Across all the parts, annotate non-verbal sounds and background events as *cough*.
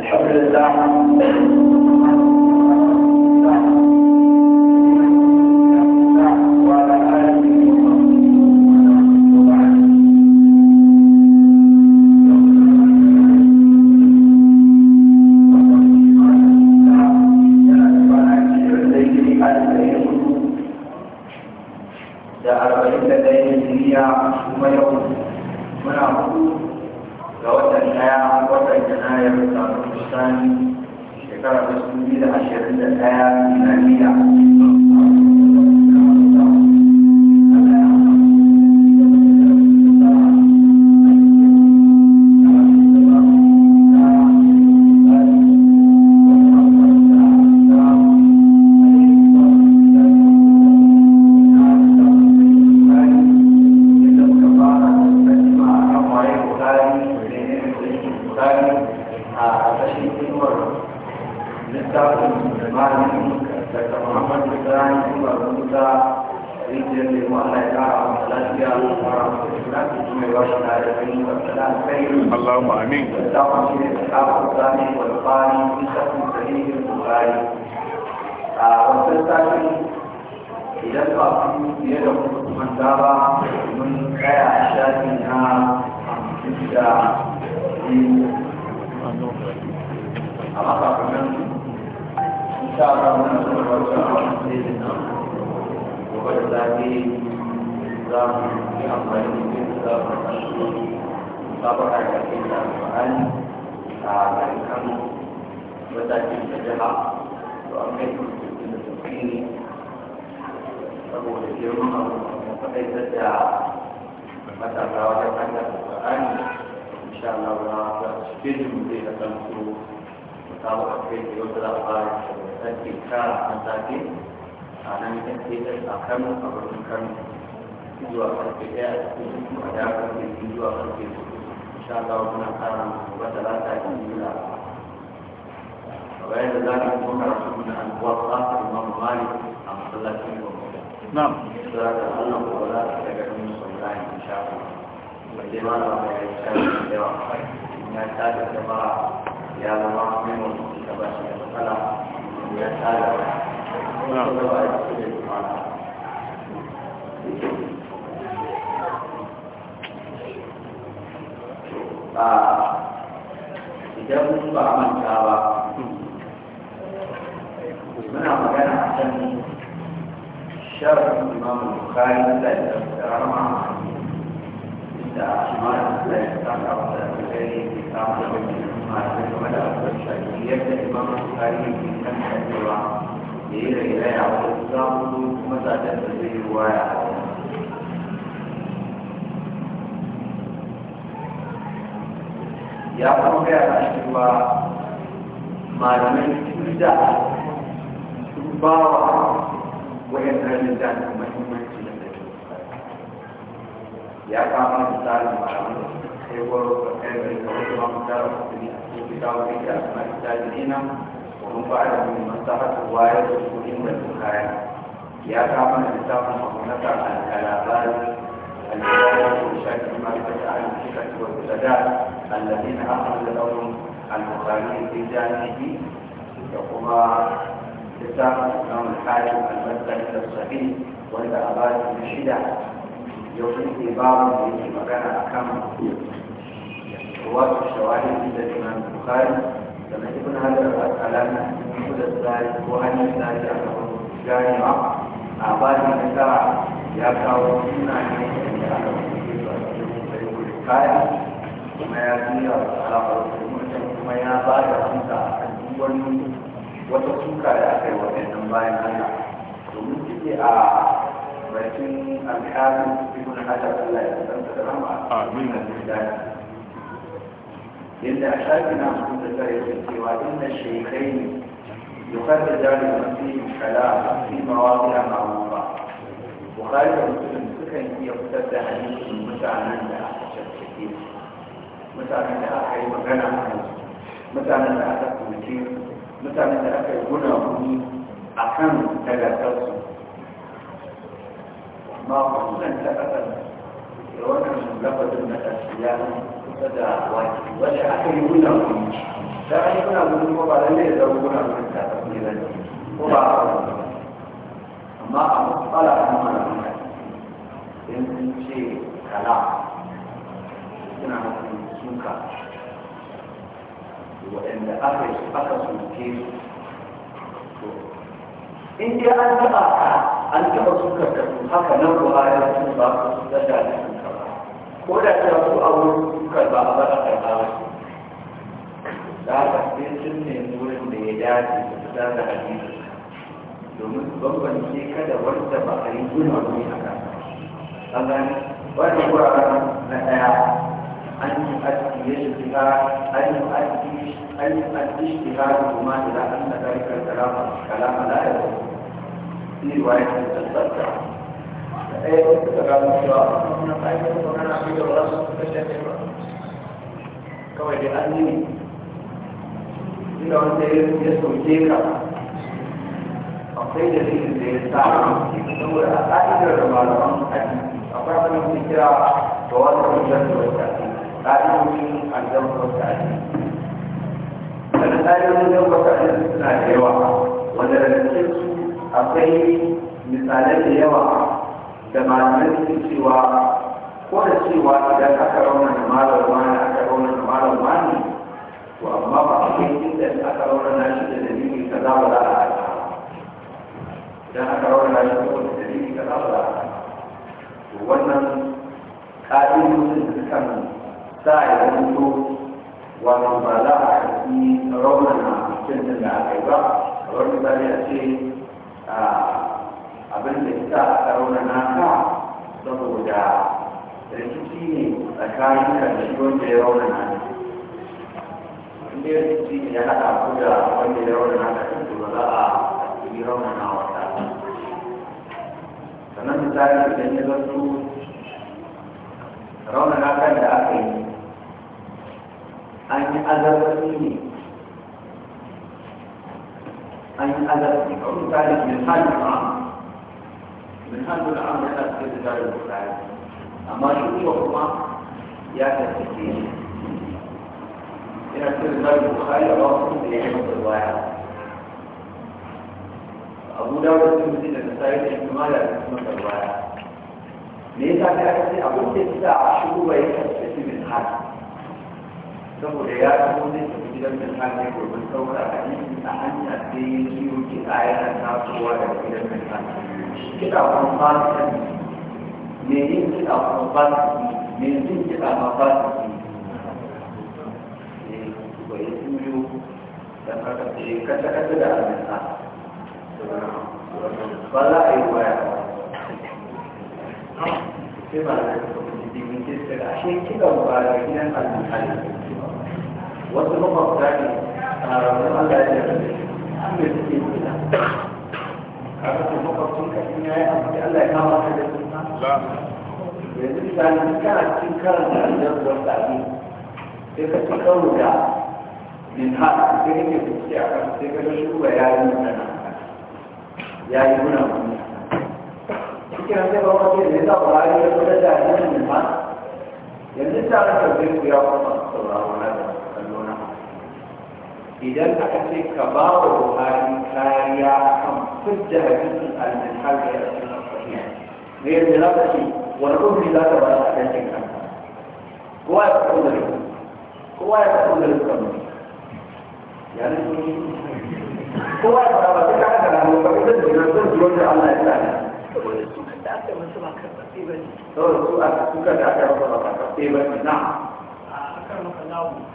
الحمد لله fitar da matasa wajen hanyar alƙur'ani insha Allah na ga cikin zai da kansu samu a kai da yau da fara da sarki tara a a nan ta ke da a birnin kano zuwa karfe ɗaya a cikin a da karfe zuwa karfe hudu insha Allah muna kara wata lata da yura bayan da za ka kuma karatu da al'uwa ba ta imamu malik a masallacin gwamnati. Na'am. za wannan kuma za daga kan in sha kuma ma da wani ya yi sha da yawa ya ta da ya zama memon da ba shi da matsala ya da ba ya da idan ba manta ba muna magana a can شرح الإمام البخاري لا يستمر مع إلا حماية لا يستمر بخير إسلام ما يستمر أفضل شيء يبدأ الإمام البخاري في كم شهر إلى إلى يعود الإسلام متى تنتهي الرواية ya kuma gaya na cewa malamai sun da sun ba wa wayan ranar da na mahimmanci da ke ya kama da tsarin malamai sai waro da kai da ga wasu mamu tsarin mutum a cikin dawo da ke asma da tajirina wani ba da mai masahatu wayar da su inda su kaya ya kama da littafin mahimmanci al-kalabari الولاية بشكل معرفة أهل الحكمة والبلداء الذين أخرج لهم البخاري في جانبه وهما كتاب البخاري المسند الصحيح wanda a bayan na shida yau sun ke babu da yake magana a kan wasu shawari da imam bukari da na ibn hajar al-kalam ko da tsari ko hanyar tsari a kan ganewa a bayan na tara ya kawo suna ne da aka kuke su a cikin bayan kaya kuma ya tura alaƙar mutum kuma ya ba da amsa a kan wani wata tuka da aka yi waɗannan bayan Allah domin suke a bakin alhalin ibn hajar Allah ya san da rama amin da zidani yadda a shafi na mutum da zai yi cewa inda shekai ne yukar da jari masu yin kala fi mawaƙiya ma'amuba bukari da mutum sukan iya fitar da hadisin mutanen da aka cancake mutanen da aka yi magana a kansu mutanen da aka kuce mutane da aka yi guna kuni a kan dagatarsu ma kusuran ta kasar da wannan lafazin na tafiya kusa da waki wadda aka yi guna kuni ta yi guna kuni ko ba lalle ya zama guna kuni ta tafiya da ko ba a amma a matsala a mana kuna in ce kala suna mafi suka وإن أخذ فقط الكيس إنك أنت أعطى أنت أصدقك تنفق نوع آية تنفق لجالي ولا تنفق أول كربا لا من نور الميلاد لتتدار الحديث لمن بمن يكاد ورد بقرين دون ربي حكاك أمان ورد قرآن نتاع أنت أتكي يجب فيها أي الاجتهاد وما إلى أن ذلك الكلام كلام لا يدل في رواية الصدقة أي تكلم الشراء من قائمة وكان عبيد الرأس فشتم كما لأنني إذا أنت يسوي جيكا akwai da rikin da ya samu saboda a ƙa'idar da malaman hadisi akwai abin da kira da wata hujjar da wata ƙa'idojin aljamfar da ake wannan ayoyin da kuka suna da yawa wanda daga cikin akwai misalai da yawa da malamai suke cewa ko da cewa idan aka rauna da malam wani aka rauna da malam wani to amma ba a kai inda aka rauna na shi da dalili ka ba za a haka idan aka rauna na shi da dalili ka ba za a haka to wannan ƙa'idodin da sukan sa ya zanto wato ba za a yi raunana cin da aka yi ba kamar misali a ce abin da ita aka raunana ka saboda rikici ne tsakanin da shi wanda ya raunana ne inda rikici ne ya haɗa ku da wanda ya raunana ka kan ba za a yi raunana wata sannan misali idan ya zanto raunana kan da aka yi أن أذب فيه أن أذب فيه أقول ذلك من هذا العام من هذا العام يحدث كذا ذلك الفعل أما شو هو هو يحدث فيه إن كذا ذلك الفعل راسم بلعبة الواعي أبو داود المسيح المسائل إنما لا تسمى الواعي ليس كذلك أبو تسعى شو هو يحدث فيه من هذا saboda ya kawo zai tafi gidan da ta ne domin saura a yi a hanya sai ya ciwo kiɗa a tasowa daga gidan da ta kiɗa kuma ba ta yin kiɗa kuma ba ta yin kiɗa ma ba ta ne ba eh, ya juyo don haka sai kasa-kasa da aminta ba za a yi waya sai ba na da kuma jibin kiɗa ashe kiɗan ba da gidan alƙalin wasu makwabta ne a raunin Allah ya yi an da suke gina kaga su makwabcin ka in yayi abu da Allah ya kama ka da suna yanzu misali kana cikin karan da Allah ya wanda abin sai ka ci karo da min ha sai kake fuski a kan sai ka ga shugaba ya yi magana ya yi muna muni cikin hanyar ba wani ne za ku rayu da kuma da yanzu min ha yanzu ta rasa zai ku ya kuma saurawa na idan aka ce ka ba wa buhari kariya kan fujja hadisin al-mihal da ya cikin sahiha ne yadda za ka ce wani rufi za ka ba a ɗanjin kan kowa ya faɗo da rufi kowa ya faɗo da rufi kan ya kowa ya faɗa ba sai ka haka na mu ba ka zai zai da Allah ya sa ne saboda su ka da aka masu ba karɓaɓɓe ba ne saboda su ka da aka masu ba karɓaɓɓe ba ne na a kan maka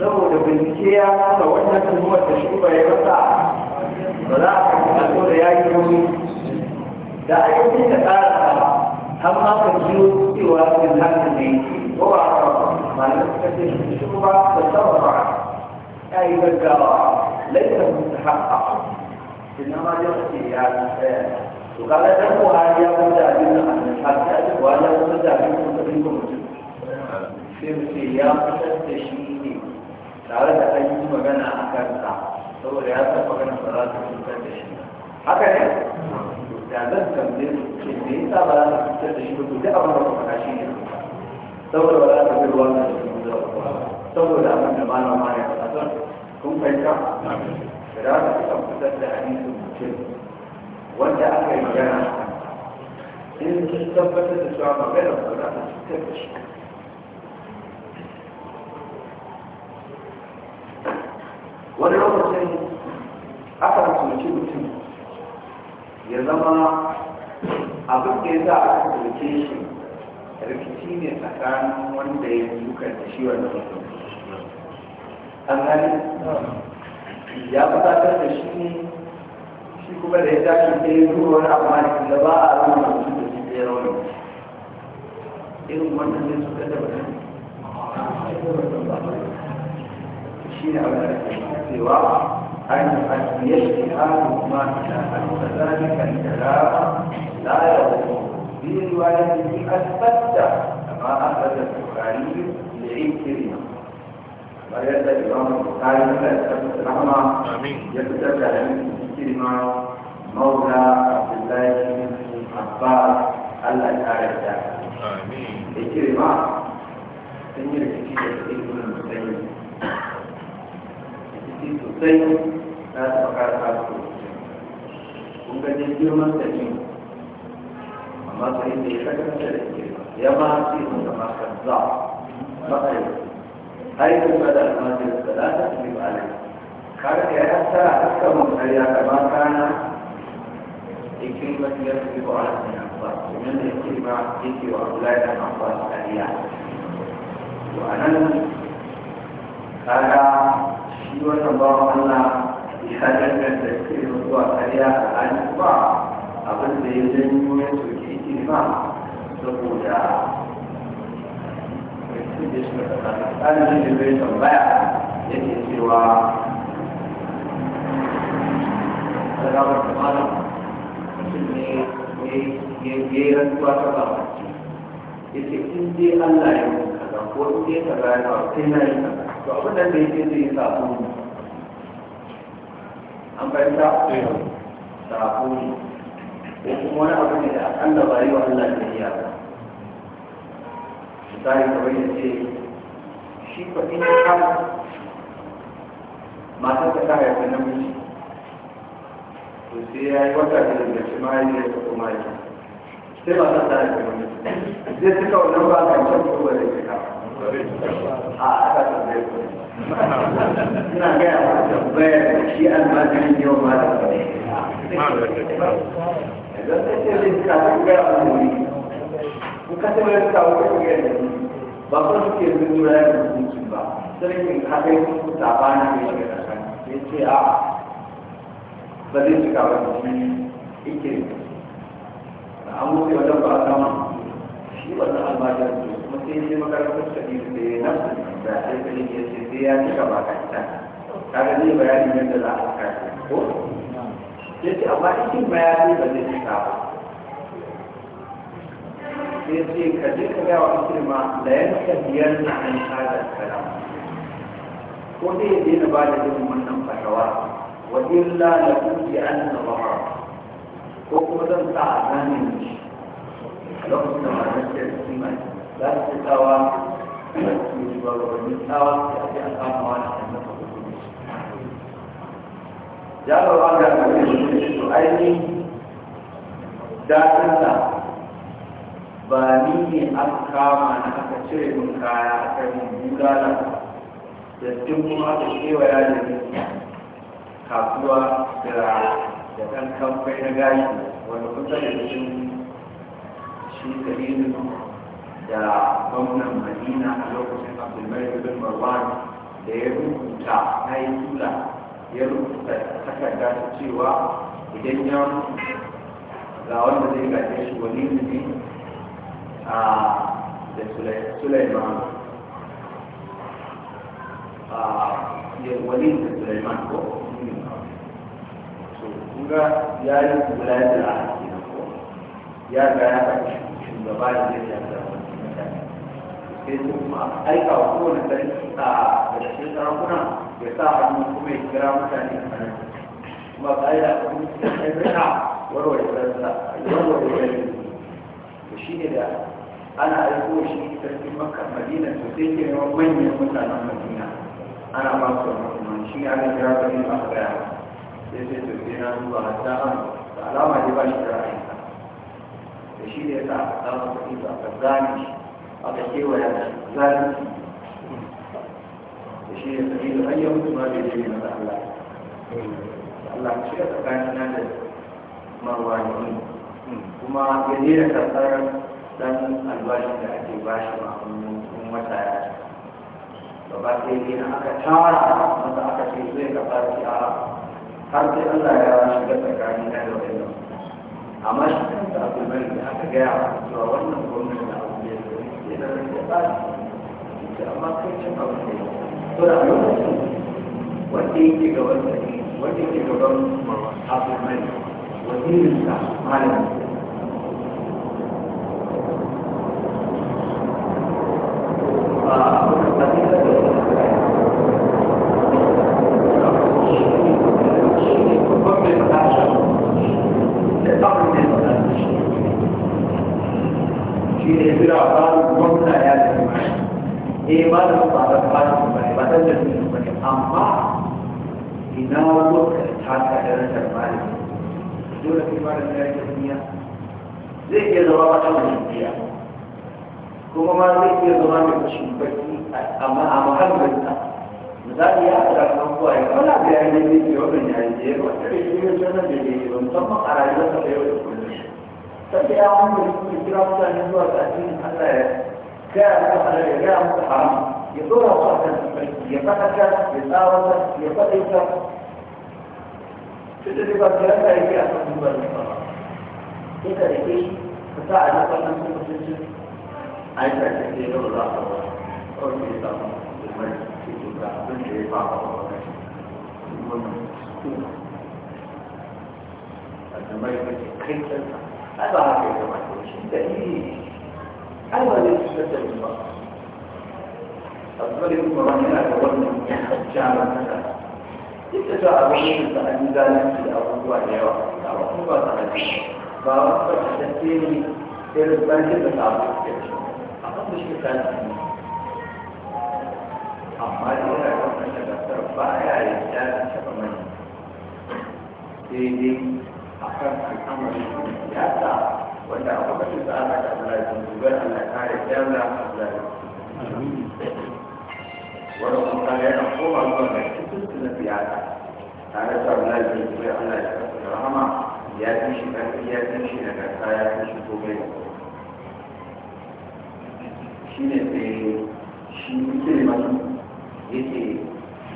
saboda bincike ya nuna wannan tuhumar da shi bai rasa ba za a kan kallo da ya yi nauyi da ayyukan da tsara har ma ka jiyo cewa cikin hakan ne ko ba a malam suka ce shi ba da sama ba ya yi gaggawa laifin mutu haka إنما يخشي يعني وقال له هذه أبدا من أن الحاجات وأنا أبدا منكم منكم في سياق التشييع tare da an yi magana a kansa saboda ya san magana ba za ta cutar da shi haka ne da zan tambaye su ce me yasa ba za ta cutar da shi ba to duk abin da kuma shi ne saboda ba za ta bi ruwan da shi ba saboda abin da malam ma ya faɗa kun fahimta da za ta fitar da hadisin mutum wanda aka yi magana in sun tabbatar da cewa magana ba za ta cutar da shi wani lokacin aka soki mutum ya zama abin da ya za a soke shi rikici ne tsakanin wanda ya duka da shi wanda mutum an gani ya bukatar da shi ne shi kuma da ya tashi da ya zuwa wani amma da ba a zama mutum da shi ɗaya rauni irin wannan ne su da mutum شيء على أن أن ما أن ذلك الكلام لا يضر في روايته أثبت ما أخرج البخاري لعكرمة ويبدأ الإمام البخاري لا يثبت رحمه يبدأ عن عكرمة مولى عبد الله بن عباس الله آمين عكرمة تنجر المسلمين jiki sosai na taɓa karfa su kun ga jin masa ne amma sai da ya sakanta da ke ya ma ce mu da makar za matsayi haifin da da almajin da za ta fi ba ne kar ka yi ta haska mun karya kama kana ikin ya fi ba ala ne ba domin da yake ba yake wa abulai da mafi kariya to a nan kaga shi wannan bawan Allah ya danganta cewa zuwa karya a hannun ba abin da ya janyo ya soke ke ba saboda tsarin da zai tambaya yake cewa sarawar da malam mutum ne ya yi rantsuwa ta ba ya ce in dai Allah ya yi kaza ko in dai kaza ya ba sai na yi kaza to abin nan da yake zai yi sako ne an fahimta eh. sako ne ko kuma wani abu ne da akalla ba yi wa Allah da iya ba misali kamar ya ce shi kuɗi ya kama masu ta kaya ta namiji to sai ya yi wata da daga shi yi ta kuma yi sai ba ta kaya ta namiji zai suka wannan ba a kan can ko ba zai kama a aka tambaye ku ina gaya ma tambayar shi almajirin yau ma da kare idan ta ce zai kafin gaya a wuri in ka taɓa da kawo ka yadda ba kuma suke zuwa ya da hukunci ba sarkin kaɗai su tabani ne shi da kan ya ce a ba zai cika ba shi yake an mutu wajen ba a sama shi wannan almajirin Mutum sai sai makarantar shaɗi da ya nasu da sai sai ya ce sai ya cika bakanta kaga zai bayanin yadda za a saka ko ya ce amma cikin bayani ba zai cika ba ya ce ka je ka gaya wa ma da yanka biyar na an kada kalam ko dai ya daina ba da irin wannan fatawa wa illa la kunti an nazara ko kuma zan sa a gane shi a lokacin da ba na ce imani za su ci tsawa su yi ba gabanin tsawa da ake a kama wani a nan ya ba ba da kare shi su aini daɗin sa ba ni ne an kama na aka cire min kaya a kai mun bulala da cikin kuma aka kewaya da ni kasuwa da da ɗan kamfai na gashi wanda kusa da cikin shi kalilu da gwamnan madina a lokacin abdulmalik bin marwan da ya rubuta na yi tula ya rubuta takarda ta cewa idan ya ga wanda zai gaje shi wani ne a da suleiman a wani da suleiman ko kunga ya yi kula da ya ga ya shugaba da zai sai su kuma aika wa kowane sarki a ƙarshen sarakuna ya sa hannu kuma ya kira mutane a nan kuma ƙa'ida a kuma sai rika warware sarsa warware sarki to shi ne da ana aiko shi sarki makka madina to sai ke neman manyan mutanen madina ana ba su wannan kuma shi ne ana kira sarki a gaya sai sai to sai na zuwa hatta an alama ne ba shi da ra'ayinsa da shi ne ya sa a samun sarki ba ka gane shi a da kewaya zalunci da shi ne sabi da hanyar mutu ma bai jini na Allah Allah shi tsakanin nan da marwani kuma ya nera kasar dan albashin da ake bashi ma kun wata ya ce. ta sai ne aka tara masa aka ce zai kasar ki a har sai Allah ya shiga tsakanin da wannan amma shi kan da abu mai da aka gaya cewa wannan gwamnati da tunanin da ba su amma kai can abu ne to da lokacin wanda yake gaban sarki wanda yake gaban abu mai wazirinsa malamin Thank you. jira ba gwamna ya ce eh ba da ba da ba da ba da da ba da amma ina wata ta ta darajar malami dole sai malami ya yi tafiya zai iya zama wata mai kuma ma zai iya zama mai kashin baki amma a muhammadinsa misali ya haɗa kan kuwa ya wala da ya yi na ya ya a rayuwarsa da yau sai ya wanda suke kira mutane zuwa ga addinin Allah ya gaya musu halal ya gaya haram ya dora su akan sarki ya faɗaka ya tsawata ya faɗaita duk da dai ba su yanka yi a kan duba da ba sai ka da kai ka sa a dafa nan sun mutunci a yi tashi ne yau za ka ba kawai ke samu musulmai ke tuka abin da ya fa a wani wannan suna a jamaica ke kai kansa هذا هكذا ما يكونش التأييد هذا الذي يتمثل بالبصر أصبر يكون رحمة أولنا جعل مثلا يتجاء الرحيم فأن ذلك في الأول وعليه وعليه فأصبر تشتيني إذا ما كنت أعرف كيف أقول مش مثال أما إذا كنت أتبع فأيا إنسان شبه مني akan al'amarin siyasa wanda a lokacin da aka da Allah ya zubar Allah kare jalla Allah wanda kuma yana koma zuwa ga cikin na siyasa tare da Allah ya zubar Allah ya kasa rahama ya fi shi karfi ya fi shi da kasa ya fi shi komai da shi ne sai shi kilimasu yake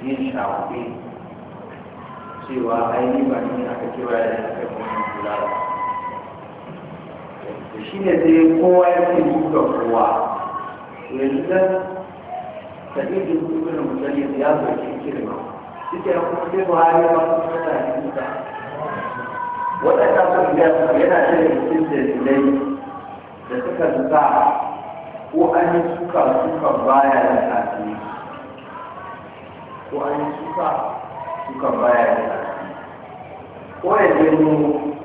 yin shawarai cewa aini ba ne aka kira ya aka kuma kula ba da shi ne sai kowa ya ce duka kowa yanzu dan sadiq ibn mutallib ya zo kirma shi ke kuma sai buhari ba su fata ne duka waɗanda sun ga yana da cikin dalilai da suka sa ko an yi suka suka baya da tafi ko an yi suka suka baya da wanda ya mu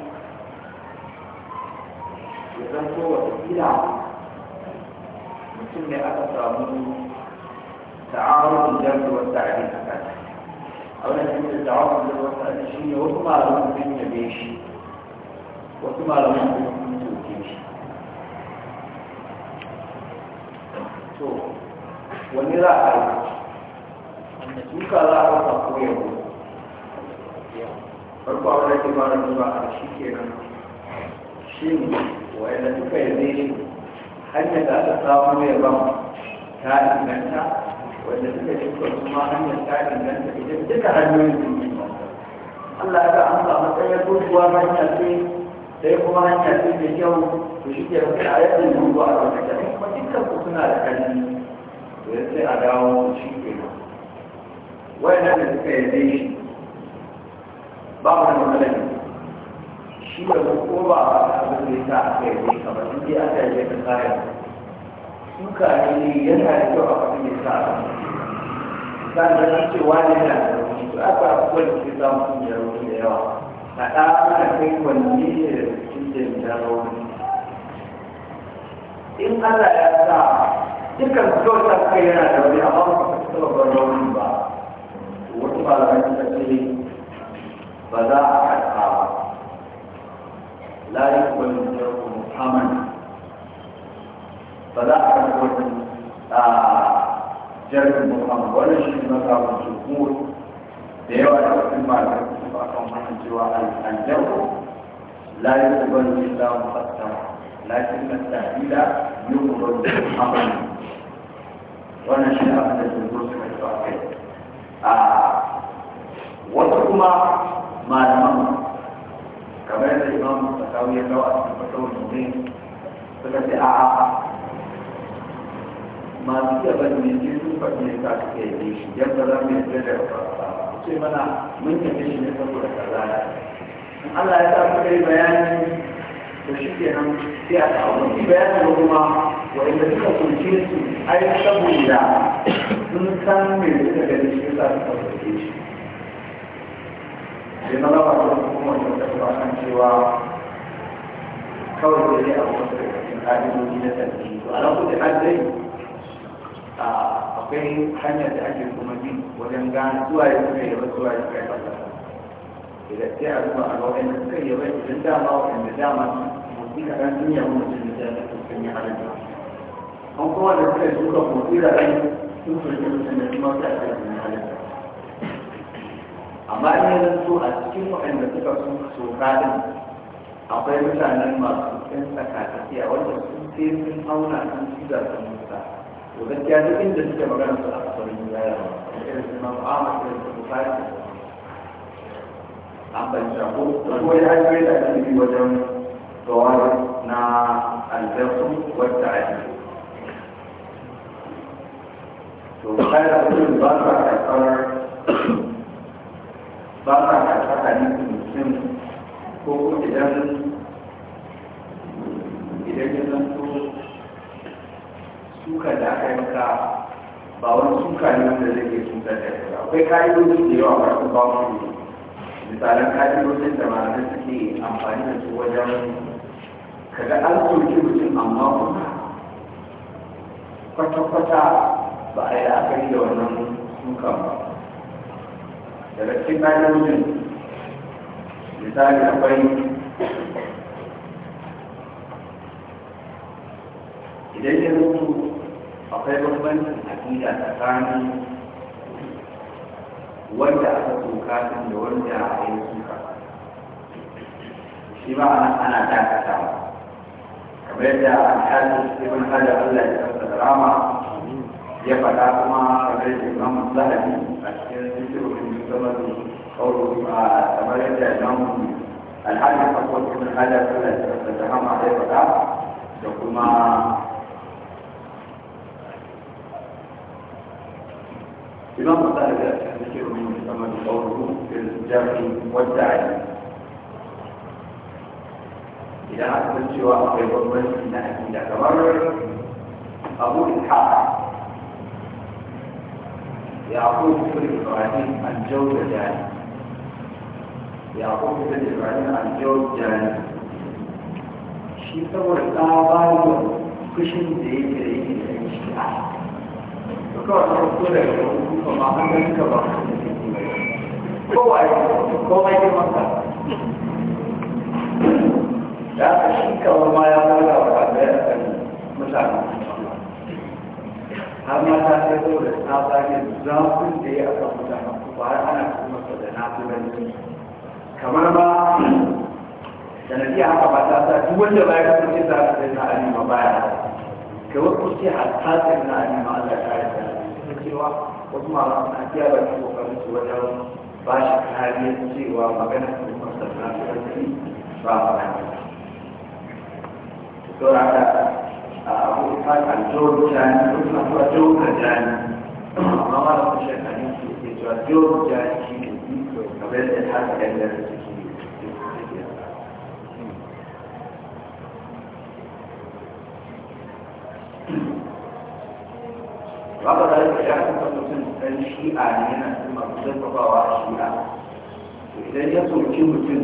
ya zanto wata kila mutum ne aka samu ta'arufin jarfi wata a yin haka a wani cikin da ta'arufin jarfi wata a shi ne wasu malaman sun yabe shi wasu malaman sun soke shi to wani za a yi wanda za a wata koyarwa farko wanda ba fara duba a shi kenan shi wanda duka yanzu shi hanyar da aka samu mai ban ta inganta wanda suka ci kuma hanyar ta inganta idan duka hanyoyin sun yi Allah ya ga an samu tsaye gurguwa hanya ce sai kuma hanya ce mai kyau to shi ke rufe a yadda gurguwa a wata kyau kuma dukkan ku suna da ƙarfi to sai a dawo shi kenan wayannan da suka yi zai shi ba mu da matsalar shi da ko ba abin da ya sa aka yi ka ba in dai aka yi ka tsaya suka ne yana da kyau a abin da ya sa aka yi sannan ce wani na da rauni to aka abubuwan da ke samun da rauni da yawa a ɗa ana kai wanne ne da cikin da rauni in Allah ya sa dukkan kyautar kai yana da wani amma ba ka taɓa ba rauni ba wasu malamai suka ce فلا أحد لا يقبل الشرك محرما فلا أحد جرد محرم ولا شيء مذهب ديوة في عن جواء لا يقبل إلا مفتر لكن التهديد يقبل محرما ولا شيء أحد الجمهور سكتب وكما malaman kamar yadda imam sakawi ya kawo a cikin fasawar domin suka ce a a masu iya bane ne ke sun faɗi ne sa suka yi shi yadda za mu yi da ce mana mun ne shi ne saboda kaza in Allah ya sa muka yi bayani da shi ke nan sai a kawo mutu bayani ba kuma wanda suka kunce su ai saboda sun san me suka gani shi sa suka kunce shi sai na raba da kuma wanda ba kan cewa kawai sai dai abu da cikin na tarihi to a lokacin har dai akwai hanyar da ake kuma bi wajen gane zuwa ya suka yi zuwa ya suka yi ba idan sai a zuwa a waɗanda suka yi idan dama waɗanda dama motsi kaɗan sun yi mutum da jami'a sun yi halatta an kuma da suka yi suka motsi kaɗan sun turke mutum da kuma suka yi halatta amma in yanzu so a cikin waɗanda suka sun so din akwai mutanen masu ɗan tsakatakiya wanda sun ce sun auna sun da sun musa to gaskiya duk inda suke magana su a kasarin yaya irin su mamu amma irin su bukari an fahimta ko ya da ake wajen tsawar na wadda ake to ba karɓar ba sa da tsakanin ne ko ko idan idan ya zanto suka da aka yi ba wani suka ne wanda zai ke cutar da kai akwai ka'idodi da yawa ba su ba mu misalan ka'idodin da malamai suke amfani da su wajen kaga an soki mutum amma kuma kwata-kwata ba a yi la'akari da wannan sukan ba daga cikin ƙa'idojin misali akwai idan ya mutu akwai bambancin aƙida tsakanin wanda aka soka da wanda a yi suka shi ba ana dakatawa kamar yadda alhaji ibn hajar allah ya kasa da rama ya faɗa kuma kamar yadda imam zahabi zama ne kawo ba kamar yadda nan alhali a kwakwakin halar tsallar da jama'a ya faɗa da kuma imam masarar da ke rumu da sama da kawo da jami wadda a yi idan aka san cewa akwai bambanci na akida kamar abu da ta'a يعقوب بن إبراهيم الجوزجاني يعقوب بن إبراهيم الجوزجاني shi saboda tsabarin fushin da yake da yake da yake shi a da kawai na ko da yau kuma an gani ka ba su da shi ma ya fara har ma ta sai ko da ta sake zafin da ya aka mutane kuma har ana kuma su da na'uranci kamar ba da na sanadiyar haka ba ta sa duk wanda ya ka kuce za ka sai na alima baya ka wasu kuce hatta sai na alima Allah ta yi da cewa wasu malaman na ba su kokarin su wajen ba shi kariya cewa magana su kuma sa na ba ba ba. a Georgia ne ko kuma Georgia ne amma ba su shekaru su ke cewa Georgia shi ne kamar da ta ya kuma mutum ɗan shi'a ne yana cikin masu zaffafawa a shi'a idan ya soki mutum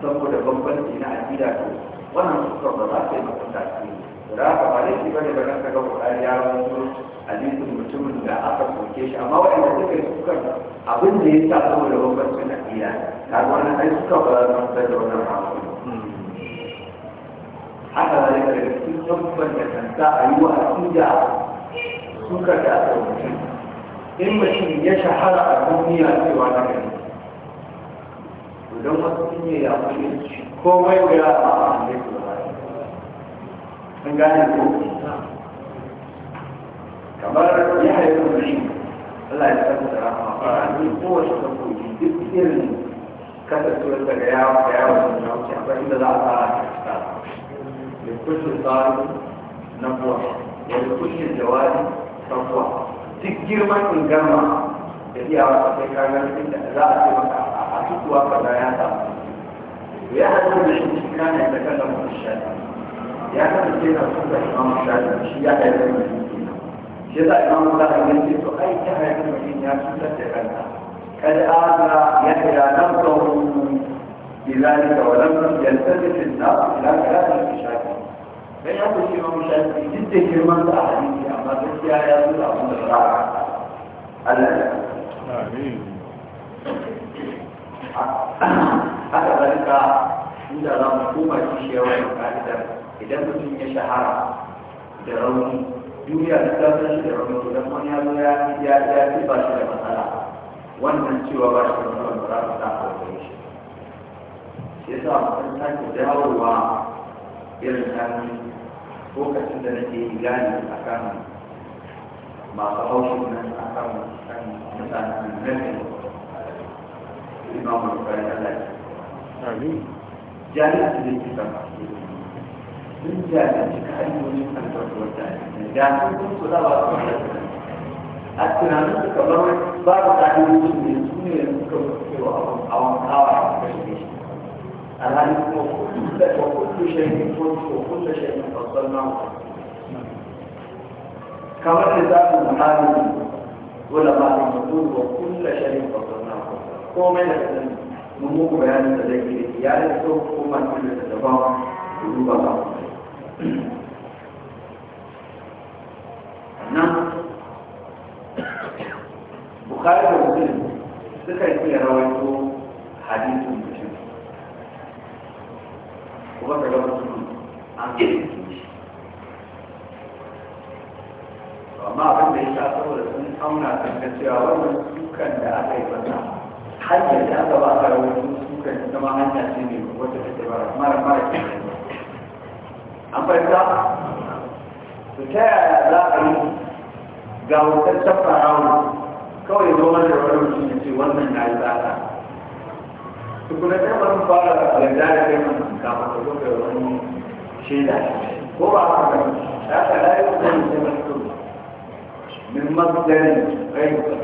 saboda bambanci na aƙida to wannan suka ba za ta yi masa tasiri da haka ba laifi bane ba nan kaga kokari ya su hadisin mutumin da aka soke shi amma waɗanda suka yi suka abin da ya sa na bambancin aƙida kaga wani ai suka ba za da wannan hawa haka da daga cikin tabbar da kanta a yi wa da suka da mutum in mutum ya shahara a duniya cewa na gani don wasu sun yi ya kuɗi komai wuya a amfani da an gane ko kamar ya haifu da shi Allah ya san da rahama fara ni kowace dabbobi duk irin kasantuwar daga yawa da yawa sun wuce akwai inda za a fara a cikin da kusur tsari na kuwa da kusur jawabi ta kuwa duk girman in gama da iyawa sai kagar inda za a ce maka a حقيقة يا ويحدث الحديث كان يتكلم في الشارع يعتمد كده صوت الإمام يا شيء يعتمد كده إمام الله يمشي أي كلمة يمكن يمشي تتكلم قد آتى يحيى نفسه بذلك ولم يلتفت الناس إلى كلام الشافعي لن يقول الإمام الشافعي جد كلمة أحاديث أما تسيا يقول أبو الرابع الله آمين haka zarika inda za mu koma shi wani ka'idar idan mutum ya shahara da rauni duniya da ta san shi da rauni to dan wani ya zo ya ya ya ci ba shi da matsala wannan cewa ba shi da matsala ba za su sa a gare shi shi yasa mutum ta sake dawowa irin tani lokacin da nake yi gani a kan masu haushin nan a kan mutanen nan imam al-bukhari Allah ya amin jami'a ne ki ta sun jami'a ki ka hanyoyin albarka wata ne jami'a sun su da ba su a tunanin su kamar babu ƙa'idodin su ne suka fi a wankawa a kashe shi alhali kuma kullu shayin kullu kullu shayin fasalna kamar da za mu muhalli wala ba mu kullu kullu shayin fasalna komai da kan mun bayanin da zai ke ya da so ko masu da daban ku ruba ba nan bukari da mutum suka yi iya rawaito hadisin mutum kuma ka ga mutum an ƙirƙi amma abin da ya sha saboda sun auna kan cewa wannan dukkan da aka yi masa hanyar da aka ba a rahoto suka zama hanya ce ne wata ta ba mara mara ke an farka su ta yaya za a yi ga tafa rawar kawai zoma da wani su ne ce wannan na yi tsada su kuna ta wani fara yarda da kai man kama ta zo da wani shaida ko ba haka ba ya ka layi kuma mutum min masdarin rai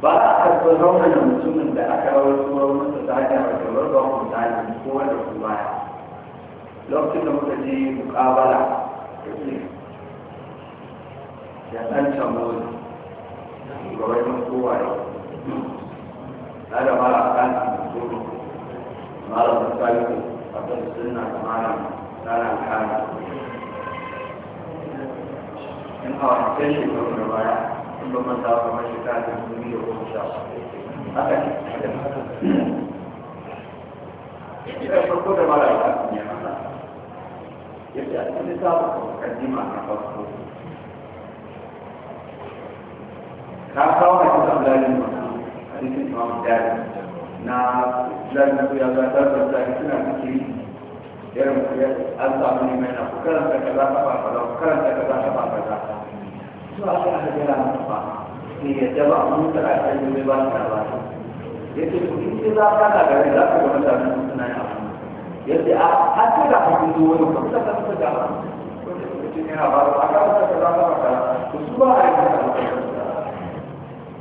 ba a karɓar raunin mutumin da aka rawar suwar masa ta hanyar da kamar ba ku zani ko wanda ku baya lokacin da muka je mukabala da ke ya ɗan canmoni ga wajen kowa yau na da mara kan mutum mara mutane a kan suna mara tsara kan in a wancan shekaru da baya ba man ta kamar da dubu da sha haka ne farko da mara ya mana yadda a cikin kaddima na farko ka kawo a cikin a cikin na lalin na kuya suna irin kuya an samu ne mai na ku karanta ka ba ku karanta ka ba ba ka aka gera masa ba ne ya jaba a mun tara ta yi ba ta ba ya ce to in ce za ka na gari za ka ga mutane suna yin abu ya ce a an tara ka kun zo wani kuma ka kasa ko da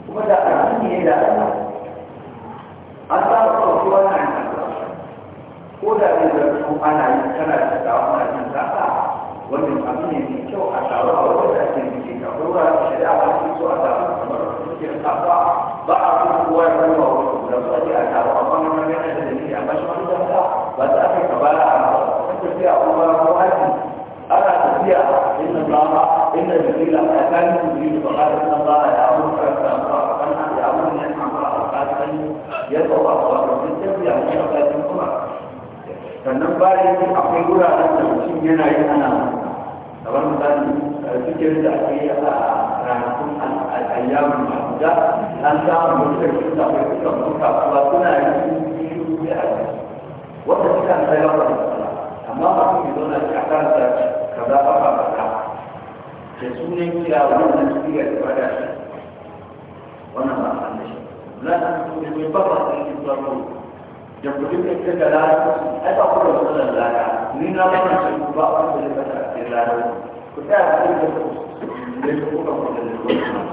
kuma da a ne da an sa ba kowa na yin ko da ne da su ana yi kana wannan abu ne mai kyau a taru a wata ake nufi ka kowa shari'a ba su so a kamar suke kafa ba a kuma kowa ya kuma da su ake a taru amma na magana da dalili amma shi wani zanta ba za ka ka bara a kan tafiya ko bara ko haji ana tafiya inna zama inna dalila a kan yi su ba ka da ba ya abu ka ka ba a kan ya abu ne ya ba a ka san ya tsawa ba ka tafiya ne a kan kuma sannan bayan akwai wuraren da mutum yana yi ana kamar misali cikin da ake yi a ranakun al'ayyamu masu an samu mutum da kai suka muka kuma suna yi su da ake wanda suka tsaye wa amma ba su yi zauna a kan da ka za a fara ka da sunan kira wannan su yi ga da shi wannan ba a da shi na an su ne mai ba ba cikin yi da kudin da ke da lalata ai ba kuma da sunan lalata ni na ba na shi ba a kuma da إعلانه كتاب للحقوق للحقوق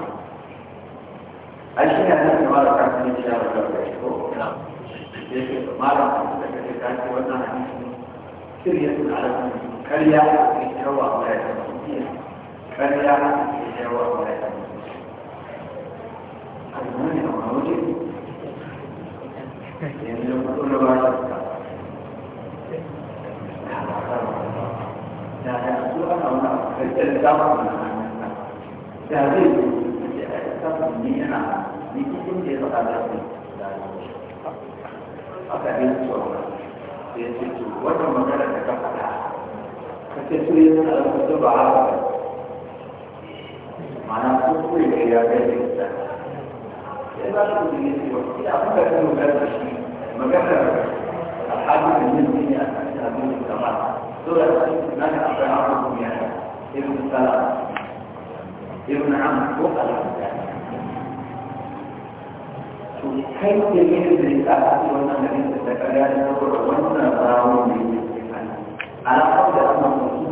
أشياء أن ما ركعت من شهر الشهور نعم ما ركعت لك كانت وانا سرية على كريا يتوى ولا يتوى كريا يتوى ولا يتوى المهم هو موجود يعني لو تقول له da da su ana wani kakkan da mu da zai yi da ni ni cikin da ya faɗa da su aka yi da ya ce wannan magana da ka faɗa ka ce su yi suna su ba haka mana su kuma da ya ga yi da ya za su yi da ya ce ba ina kuka magana da shi magana da الحاكم المسلم أسس هذه الجماعة سورة نشأ في عمرو يعني ابن سلام ابن عمرو وقال كيف يجب الرسالة وأن النبي زكريا يقول وأن راوي على قول أنه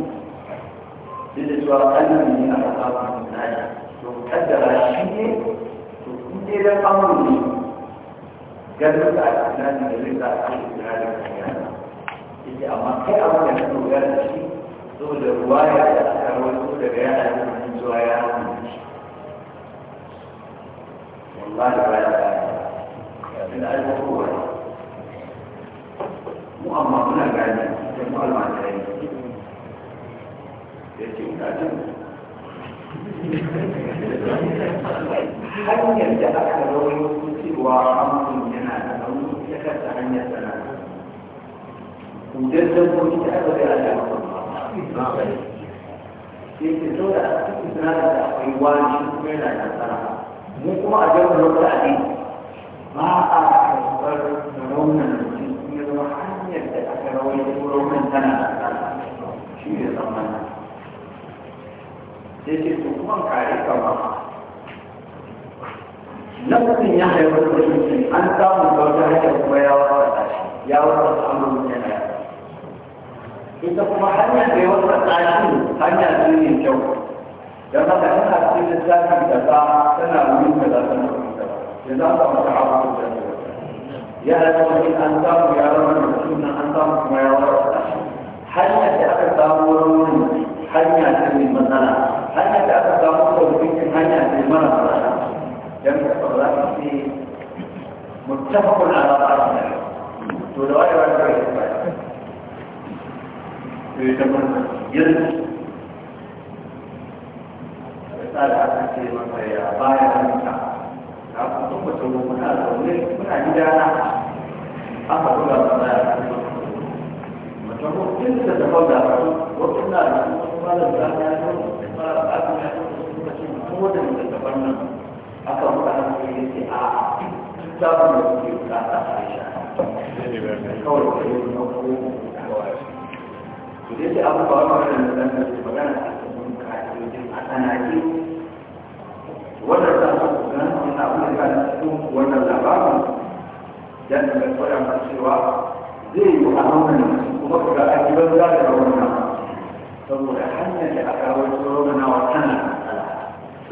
جلس وأقل من أخطاء من الناس وقدر الشيء وكنت إلى قوله ganin da ake nan da zai za a ake kira da kanyana yake amma kai abu da na dogara da shi saboda ruwa ya da aka rawaito daga yana da mutum cewa ya hannu shi wallahi ba ya da ya da ne, mu amma muna gani da mu almajirai ya ce ina jin *laughs* hanyar da aka rawaito cewa an kasa hanyar sana'a hudar dabbobi da aka gaya da sai ke so da a cikin sana'a da akwai wani kuma yana da sana'a mu kuma a jami'ar wata a ba a karɓar raunin mutum ya zama hanyar da aka rawar da raunin sana'a shi ne zama ce kuma kare kama lafafin ya haifar da shi an samu da wata hanyar kuma ya wasa shi ya wasa samun mutane ita kuma hanya da ya wasa tashi hanya ce mai kyau don haka tana cikin littafi da ba tana wuri da za ta nufi da ya za ta wata abu da ta ya haifar da an samu ya wasa da sunan an samu kuma ya wasa tashi hanya da aka samu wani hanya ce mai matsala hanya da aka samu sauƙin hanya ce mara matsala dan ba za ka ce muttafaqun ala ta'ala to da wani wani da ya fara to ita mun yanzu da aka ce masa ya baya hanta na kusan mutum muna zaune muna gidana aka buga masa ya mutum mutum da ta bauta wasu na da kuma malam da ya zo da fara tsakin ya zo da kuma da ta nan aka buka da kuma yi ce a sabon da suke buka ta aisha kawai da yi na ko su dai ce abubuwa wani da zan da su magana a cikin kajojin a wannan za su gana wannan abin da cikin wannan labarin dan da kwaya ma cewa zai yi a wannan kuma ga ake gidan za saboda hanyar da aka rawaito na wata nan.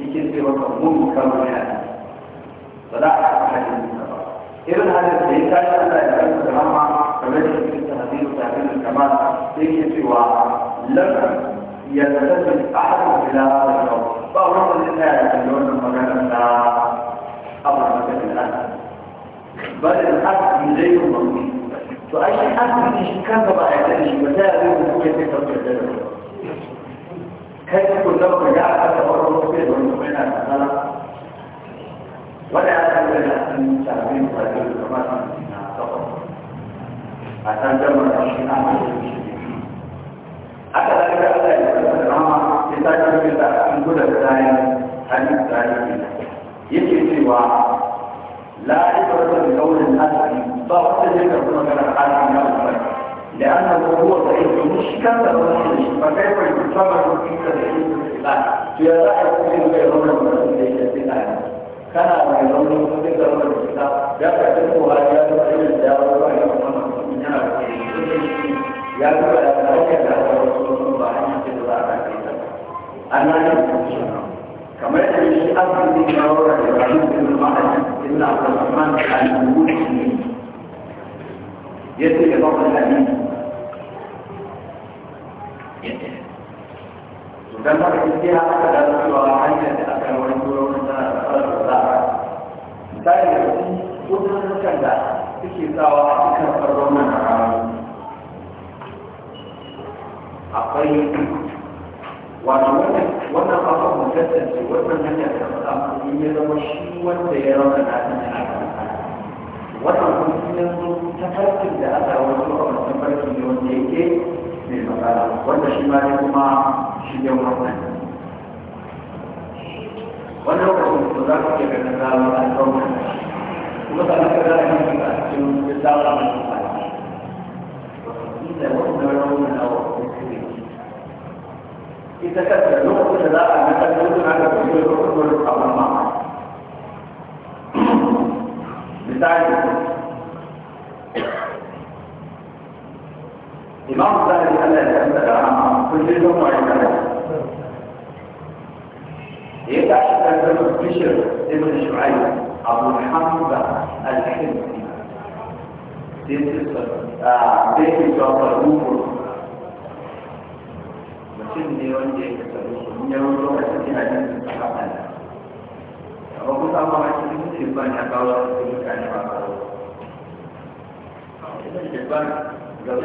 yake ce maka mun kama ya ba za a haka hadin ka ba irin hadin da ya tashi Allah ya rasu da rama kamar da yake ta hadin da hadin kama yake cewa lam yatasaddaq ahad ila rabb ba wannan da ya yi wannan magana da abu da kake da bal al-aqd zayyu mawdi to ai shi aqd shi kan ba ya da shi ba ta yi ko kake tabbata da shi kai su kun zama ya a kasa wani wasu da wani kuma yana nasara wani ya san da ya san shafi da ke da kuma san na kafa a san jama da shi na mai da shi aka zai da Allah ya san da rama ya sa ta da an gudu da zayin hannun zayin yake cewa لا عبرة بقول الحاكم فقط ذكر كما كان الحاكم لأنه هو ضعيف مش كان فكيف sabon fita da shi islam to ya za a yi kuma kai wannan mutum da yake fita ne kana mai raunin mutum da wannan fita ya karɓi kowa ya zo a yin da ya zo a yin wannan mutum da ya zo a yin hanyar da aka wasu wasu ba hanyar da za a karɓe ta an na yi kamar da shi asibiti na wurin da rayu da ma'ajin illa abdulrahman da al-mubudi ne yace ya ba mu hadisi dan haka gaskiya aka da cewa hanyar da aka yi wani turo kan tana da fara da zaɓa da su da suke sawa a cikin farkon nan a akwai wato wannan abin mu tantance wannan hanyar da ta samu in ya zama shi wanda ya rauna na ta ne aka wannan kuma sun yanzu ta farkin da aka rawaito a wannan farkin ne wanda yake ta'ala wanda shi ma ne kuma shi ne wannan wannan lokacin da za ka ke ganin rawa a tsawon kuma ta naka da kan shi a cikin lissawa mai kuma inda wannan rawa na wasu ne ita kanta lokacin da za a naka da wani aka fi yi lokacin abin mamaki misali imam zahiri Allah ya san da kun je don wani kada ya tashi kan bishir ibn shu'aib abu hamza al-hindi this a basis of a rumor mutum ne wanda ya kasar su ya rudo a cikin hadisin da haka ne amma kun san ba cikin mutum ba ne a kawo su mutane ba kawo kalau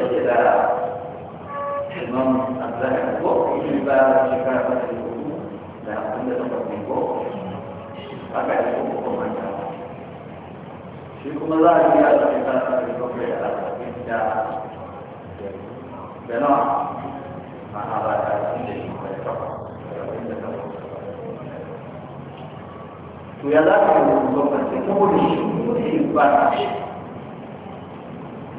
kita mengadakan buku, kita jika ada buku, dan ada tempat buku, maka itu buku pemanjang. Syukumallah di atas kita ada buku berada, tapi tidak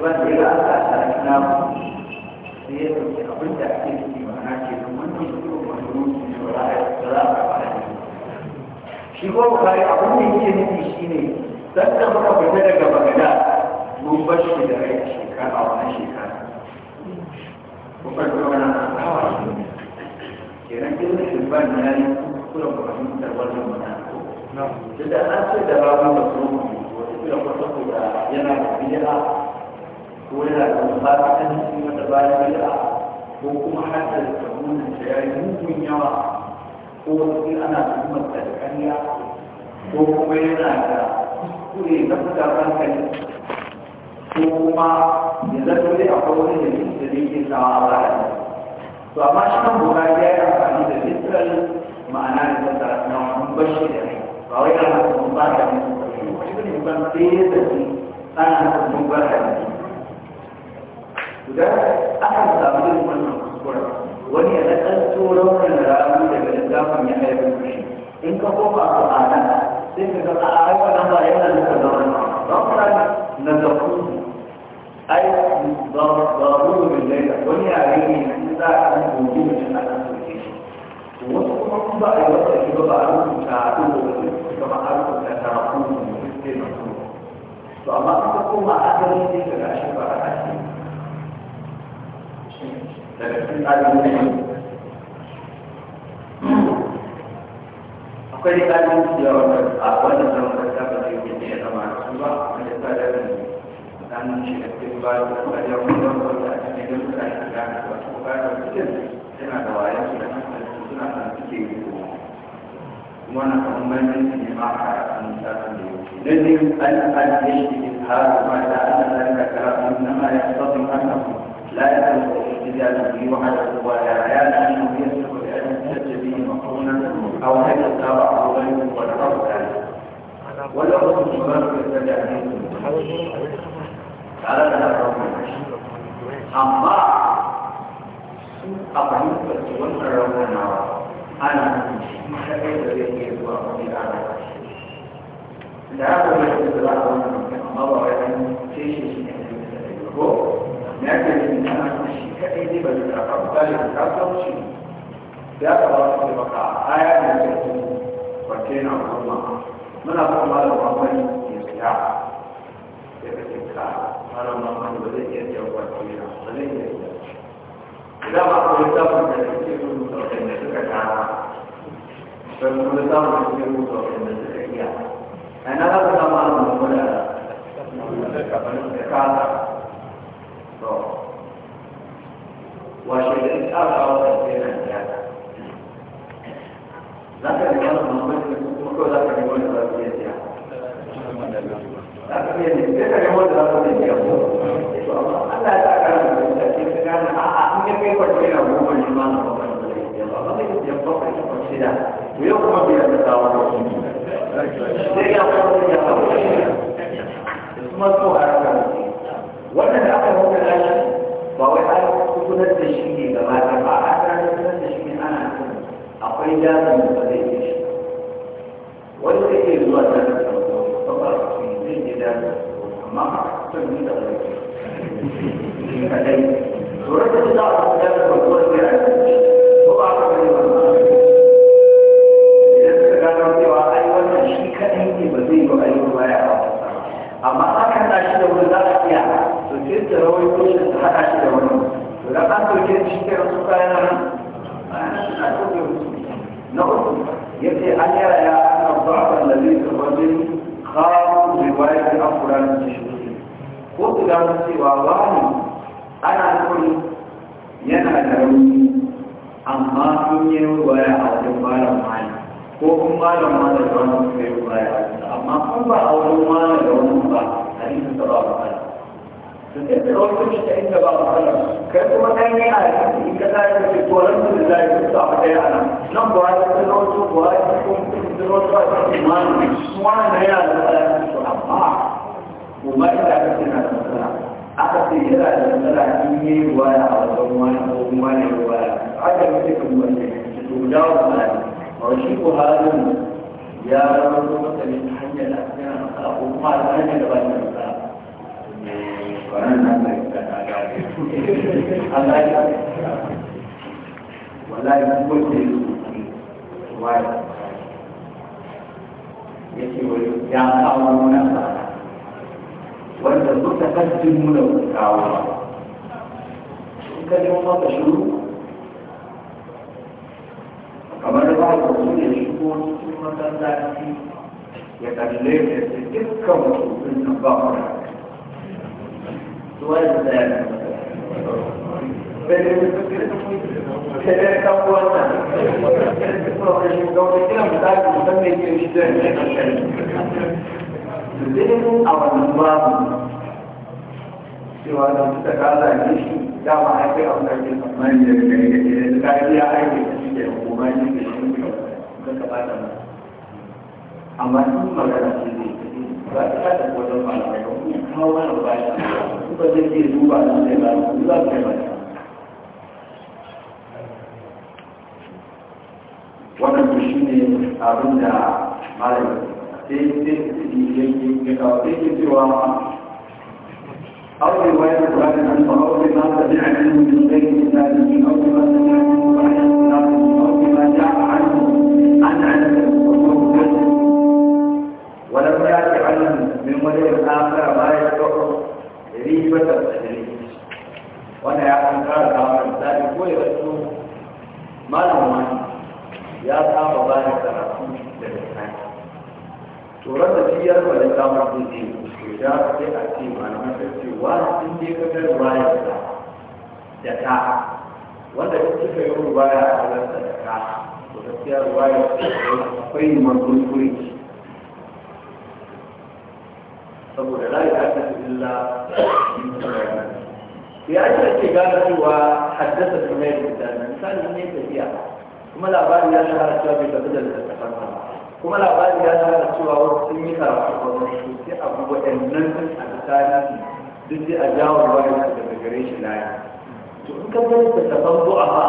ba sai ga aka tsara na sai ya dauki abin da ake ciki ba ke ce wannan shi ko wani mutum ne ba za a fara ne shi ko bukari abin da yake nufi shine dan da muka fita daga bagada mun ba shi da rai shekara a wannan shekara ko farko wannan kenan ilmin shirban na yi kuskure ba fahimtar wannan magana da an ce da babu da su wata kila kwata ko da yana da biyar. ko yana da mafatan cikin wata bayan bid'a ko kuma haddar da wannan da ya yi mugun yawa ko wasu ana tuhumar da ƙarya ko kuma yana da kuskure na fita hankali ko kuma ya zato dai akwai wani da ke da zai yi sawa a bayan to amma shi kan bukari ya yi amfani da literal ma'ana da zata na wani bashi da rai ba wai ana da mun ba da mun ba da mun sai da ana da mun ba da mun da akan samu yin wannan kuskure wani ya ɗan tsoron wannan ramu daga littafin ya haifar da shi in ka koma a ana sai ka ga a arewa nan ba yana nuka zaman ramar na zafu ai ba ruru bin laila wani yare ne in za a kan gobe mutum a kan soke shi wasu kuma ba a yi wata shi ba ba a rubuta a ɗin da ba a rubuta ta rakun da mutum sai na so to amma ka koma a kan shi ka gashi ba a kan daga cikin ƙalubale akwai ƙalubale da wata a wannan zama ta ba yi ya zama su ba da kan tsakanin shi da cikin ba da ƙarya wanda yawon a cikin da mutane da gane wasu bukatar cikin yana da wayan su da hankali suna suke yi kuma na kan mahimmanci ne ma a karatun da su na biyu an an yi shi ne har ma da an da karatu na ma ya tsarin hannun لا يخلق احتجاجا به وحده ولا يعلم انه يسلك بان يحتج به مقرونا او هل يتابعه غيره ولا غير ذلك والأرض المبارك يتبع به على هذا أما أقرب تكون ربنا أنا شيء به يقوى به على لا أقول لك الله أمر يعني شيء na ga ne ana shi kadai ne ba da ka ba da ka sauci ya ka ba ka baka aya ne ta ku wacce na kuma muna kuma malam mamman ya tsaya ya kace ka ma mamman ba zai iya jawo ba ke na ba zai iya jawo idan ma ko ta ba da ke mun da suka tara dan mun da mu ke mun da suka iya ana da malam mamman da ka ba da ka washe da za ka za ka iya siya za ka iya za ka iya ka ka ne na ba da ya da ba zai shi wani zai iya zuwa ta da sauko ba su yi zai da amma da wani cewa wani ana nufin yana da rauni amma sun yi ruwaya a wajen malam mali ko kun malam mali da wani suka yi ruwaya amma kun ba a wajen mali da wani ba hadisin da ba a matsala sun yi da wani kuma ta inda ba a matsala kai kuma ɗan yi a yanzu in ka sa yi ce ko ran da zai ku sa a ɗaya ana nan ba a cikin wasu ba a cikin wasu a cikin mali kuma na yana da matsala amma ko ba ita ka ce na da matsala aka ce yana da matsala in yi ruwa ya a wajen wani ko kuma ne ruwa ya aka yi ce kan wani shi to da wa ba ne shi ko halin ya zama ko masa ne ta hanyar da aka yana matsala ko kuma ta hanyar da ba ne matsala wannan nan da ka ta gane Allah ya wallahi ko ce wai yake wani ya kawo wannan wanda suka kasance nuna kawo in ka nemo shuru kamar da ba ka su ne shigo cikin masallaci ya kalle da dukkan mutum nan ba mu da tuwa da tsaya da Sai zai a wannan babu cewa da suka kala ne shi dama aiki a wannan ke tsammani da daga yake da ya aiki da shi ke kuma shi ke shi ga gabata amma sun magana su ne ba ta kada wajen malamai kuma kawo mana bayan su ba zai ke duba da zai ba su za su kai ba wannan shi ne abin da malamin أو رواية قرآن من غير مثاله أو ما جاء عنه عن عنه ولم يأت عنه من وجه آخر ما يشرح ريبة التحريف وأنا يعلم قال عن ذلك ما له معنى يا صاحب الله السلام تورثيان ولا تامرتين وشجاعة أكيم أنا ما تسي واسين ديك في الرواية ذا ذكاء ولا كيف يقول رواية على ذكاء وتسي رواية فين من كل كريج سبورة لا يحدث إلا من سبورة في أجل التجارة وحدثت المال جدا الإنسان لم يتبيع ثم لا بعد يشهر أشياء بفضل التفرقات kuma labari ya nuna cewa wasu sun yi karatu a wani sai abu waɗannan a tarihi duk sai a jawo ruwan su daga gare shi yi to in ka gani da tafan zuwa ba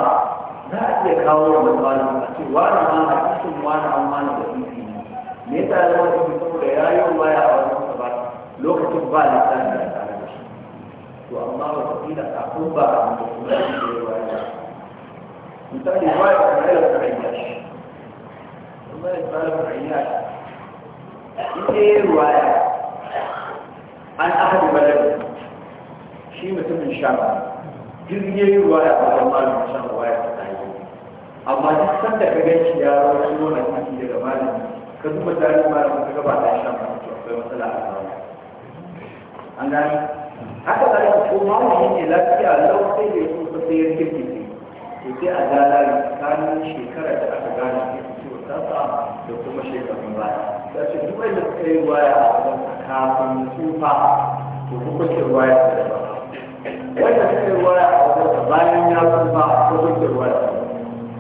za a iya kawo wa wani a ce wani ma a cikin wani an na da tsinki ne me yasa ya zama tsinki saboda ya yi wa a wani kusa ba lokacin ba lissafi da tare da shi to amma ba ta fi da kafin ba a mutum da ya yi waya misali waya kamar yadda ta hanyar shi ita ruwaya an ahadu balad shi mutumin sha ba duk yayi ruwaya ba da malamin ruwaya ta kai amma duk sanda ka ga shi ya rawaito wannan hadisi daga malami ka zuba tarihin malamin ka gaba da sha ba to akwai matsala a rayuwa an gani haka zai ko yi ne lafiya lau sai da da kuma shekarun baya ta ce duk wanda suka yi waya kafin tsufa to hukuncin waya da ba wanda suka yi waya a wajen bayan ya tsufa hukuncin waya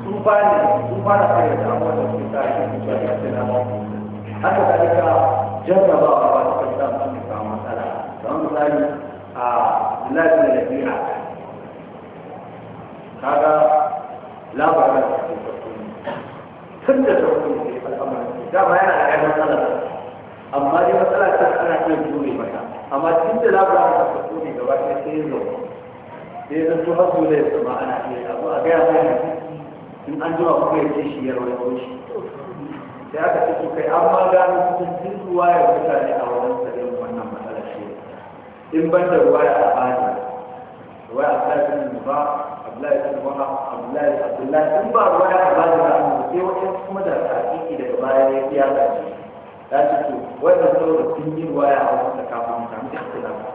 tsufa ne tsufa na kare da amma da suka yi tsufa ya ce na haka da duka jarrabawa ba su kanta su ta samu matsala don misali a lafiya da biya kaga labarin da tun da ta hukunci dama yana da ƙarfin matsala amma dai matsala ta ana iya jure mata amma tun da za mu ta fito ne gaba ɗaya sai ya zauna sai ya zanto har dole ya zama ana iya abu a gaya mai in an zuwa kuma ya ce shi ya rawaito shi sai aka ce su kai an ma gano cikin ruwa ya mutane a wajen tsare wannan matsalar shi in ban da ruwa ya a bani ruwa ya a tsarin ba abdullahi abdullahi abdullahi in ba ruwaya a ba da sai wajen kuma da hakiki daga baya ya iya da ya ce to wanda saboda sun yi ruwaya a ta kafin mu samu ikhtilafa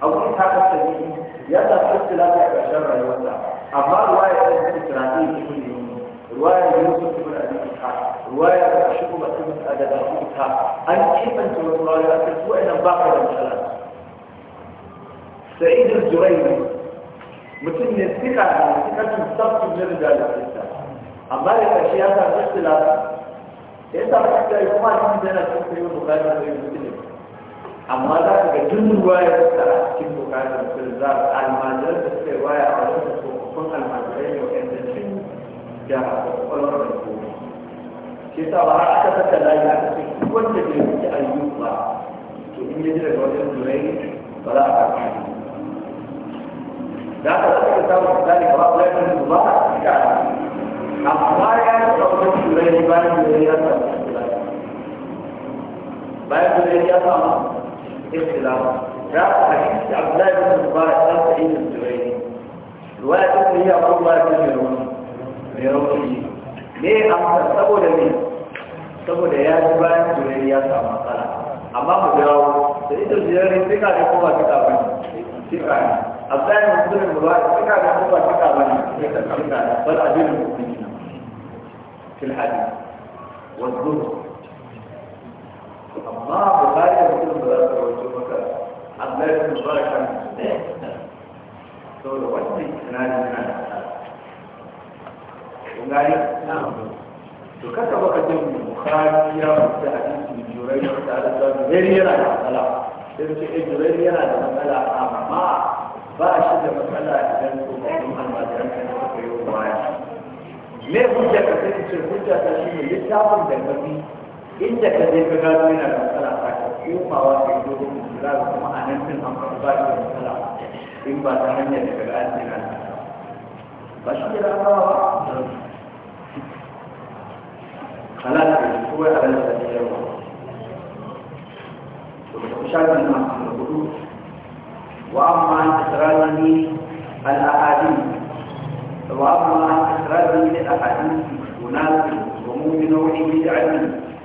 abu ta kasance ya ta ikhtilafa a ƙarshen rayuwarsa amma ruwaya ta ikhtilafa ne kuma رواية يوسف بن أبي إسحاق رواية شعبة بن أبي إسحاق أن كيف أنت والله تسوى إلى باقي الخلاف سعيد الجريري mutum ne suka da sikatun sabtun na rijalistinsa amma da kashi ya sa tattala ya sa tattala kuma cikin yana cikin yi bukatar da yi musulun amma za ka ga duk ruwa ya tattara a cikin bukatar da su za a almajirar da suka yi waya a wajen da tsofaffin almajirai yau da kwakwalwar da shi sa ba aka tattala ya ta ce duk wanda bai ayyuka to in ya ji daga wajen durai ba za a da aka zaka da samun misali ba ku yakan su ba da amma ya taɓa wani turai ne bayan turai ya samu bayan turai ya samu ikhtilafa da aka hadisi abdullahi bin mubarak dan sa'id bin turai ruwaya ta ce ya abu ba ya mai mai rauni ne saboda ne saboda ya ji bayan turai ya samu matsala amma mu jirawo da ita ziyarar tsika ne kuma tsika ba ne ne أبداً مسلم الوالد فكا بحبا فكا بني بل أبير المؤمنين في الحديث والظهر أما بخاري مسلم الوالد وجوهك أبداً المبارك عن المسلمين سورة وجهي كنان من الأسفل وقالي نعم وكتب قدم البخاري يا مستحديث من جريج تعالى الزوج غير يرى على الصلاة يقول جريج يرى على الصلاة أمام ba shi da matsala idan ko mutum almajiran ka da suka yi baya me hujja ka sai ce hujja ta shi ne littafin da mafi inda ka je ka gano yana da matsala ka ka komawa ka yi dogon musulma kuma a nan din an faru ba shi da matsala in ba ta hanyar da ka ga an tsira ba shi da rawa ba خلاص هو على الذي يروى وشاهدنا عن الغلوب وأما أن تسردني الأحاديث وأما أن تسردني الأحاديث هناك ومؤمن نوع بدعه